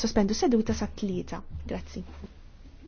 Sospendu seduta sa' tlieta. Grazzi.